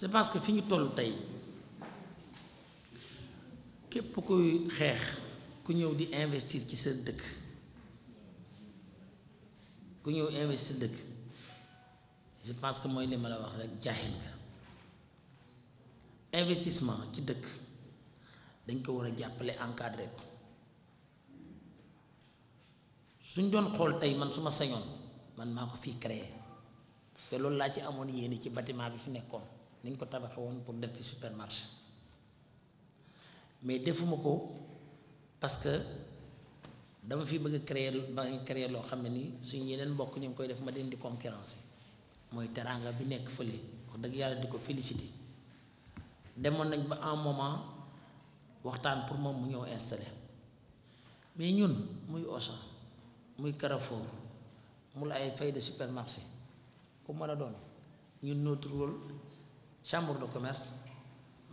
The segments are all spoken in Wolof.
je pense que fi ñu toll tey képp kuy xeex ku ñëw di investir ci seen dëkk ku ñëw investir dëkk je pense que mooy li ma la wax rek jaaxil nga investissement ci dëkk dañ ko war a jàppale encadré ko suñ doon xool tey man su ma sañoon man maa ko fii créé te loolu laa ci amoon yéene ci batiment bi fi nekkoon ni ñu ko tabaxe woon pour def fi supermarché mais defuma ko parce que dama fi bëgg créer ba créer loo xam ne nii suñu yeneen mbokk ñu ngi koy def ma leen di concurrence mooy teranga bi nekk fële wax dëgg yàlla di ko félicité demoon nañ ba un moment waxtaan pour moom mu ñëw installé mais ñun muy osa muy Carrefour mu la ay fay de supermarché ku mën a doon ñun notre rôle chambre de commerce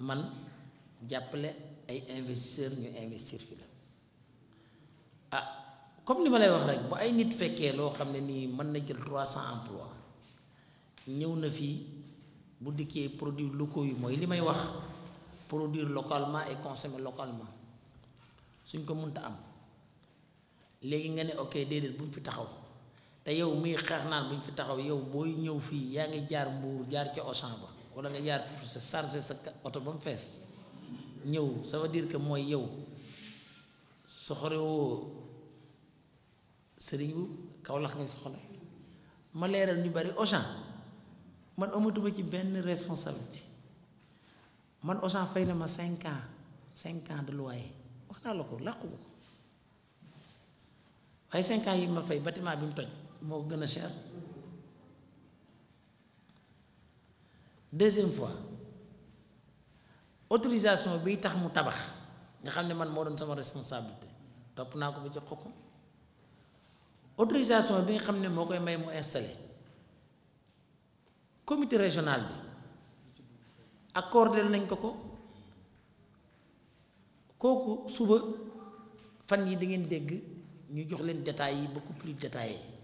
man jàppale ay investisseurs ñu investir fi la ah comme li ma lay wax rek bu ay nit fekkee loo xam ne nii mën na jël trois cent emplois ñëw na fii bu dikkee produit locaux yi mooy li may wax produire localement et consommer localement suñ ko munta am léegi nga ne ok déedéet bu fi taxaw te yow muy xeex naan bu fi taxaw yow booy ñëw fii yaa ngi jaar mbuur jaar ca Auchan ba wala nga jaar foofu sa chargé sa oto ba mu fees ñëw ça veut dire que mooy yow soxorewoo sëriñ bu Kawlax nga soxla ma leeral ñu bari Auchan man amatuma ci benn responsabilité man Auchan fay na ma cinq ans cinq ans de loyer wax naa la ko làqu ko waaye cinq ans yi ma fay bâtiment bi mu toj moo gën a cher deuxième fois autorisation bi tax mu tabax nga xam man moo sama responsabilité top naa ko ba jox ko autorisation bi nga xam ne koy may mu installer comité régional bi accorder nañ ko ko koku suba fan yi da ngeen dégg ñu jox leen détails yi beaucoup plus détaillés